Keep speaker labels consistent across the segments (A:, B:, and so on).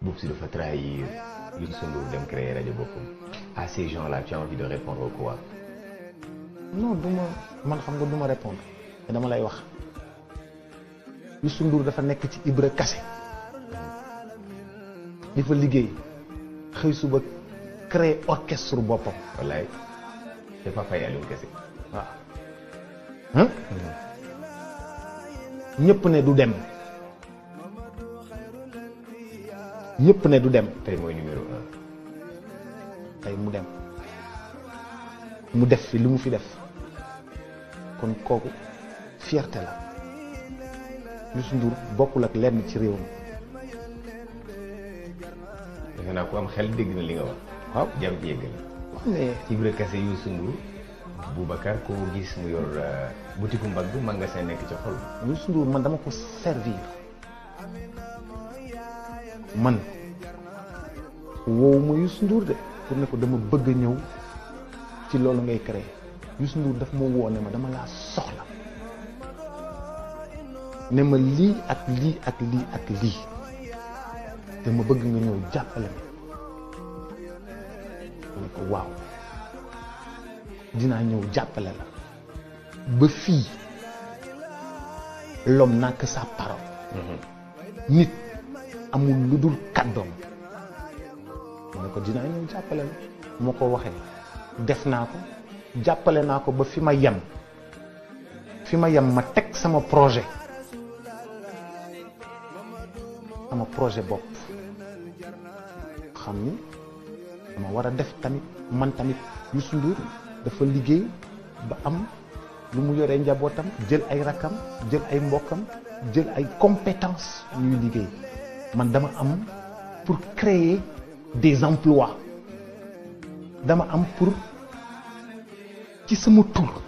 A: tu trahir, Youssou peux créer Radio beaucoup. À ces gens-là, tu as envie de répondre ou quoi Non, duma man xam nga duma répondre. Te dama lay wax. Youssou Ndour ne peux ci Ibra ne fa pas répondre. créer orchestre pas répondre. ne peux pas répondre. Hein? Hmm. ne du dem. yëpp ne du dem tey mooy numéro un tey mu dem mu def fi lu mu fi def kon kooku fierté la Youssou Ndour bokkul ak lenn ci réew mi. naa ko am xel dégg na li nga wax. waaw jam ci yëgg na. mais Ibra Kassé Youssou Ndour Boubacar koo gis mu yor euh, butiku mbagg magasin nekk ci xol. Youssou Ndour man dama ko servir. man woowu ma Youssou de pour ne ko dama bëgg ñëw ci loolu ngay créé Youssou Ndour daf ma woo ne ma dama laa soxla ne ma lii ak lii ak lii ak lii dama bëgg nga ñëw jàppale ma ko waaw dinaa ñëw jàppale la ba fii l'homme nakk que sa parole mm-hmm. nit amul lu dul kàddoom mu ko dina ñëw jàppale la moo ko waxee def naa ko jàppale naa ko ba fi ma yem fi ma yem ma teg sama projet sama projet bopp xam ni dama war a def tamit man tamit Youssou Ndour dafa liggéey ba am lu mu yoree njabootam jël ay rakkam jël ay mbokkam jël ay compétence yuy liggéey man dama am pour créer des emplois dama am pour ci sama tour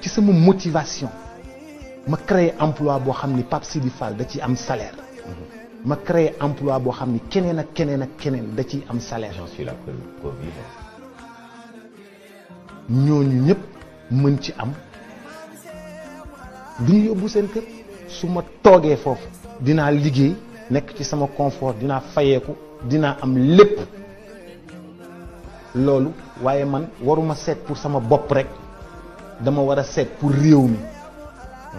A: ci sama motivation ma créer emploi bo xamni pap Pape Sidi Fall da ci am salaire mhm. ma créer emploi bo xamni ni keneen ak keneen ak keneen da ci am salaire. j'en suis la preuve ñooñu ñëpp mën ci am du ñu yóbbu seen kër. su ma toogee foofu dinaa liggéey nekk ci sama confort dinaa fayeeku dinaa am lépp loolu waaye man waruma seet pour sama bopp rekk dama war a seet pour réew mi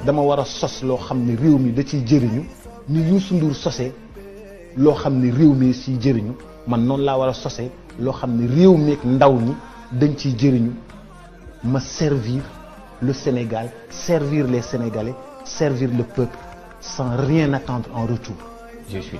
A: dama war a sos loo xam ne réew mi da ciy jëriñu ni Youssou Ndour sosee loo xam ne réew mi ciy jëriñu man noonu laa war a sosee loo xam ne réew mi ak ndaw mi dañ ciy jëriñu ma servir le Sénégal, servir les Sénégalais, servir le peuple, sans rien attendre en retour. Je suis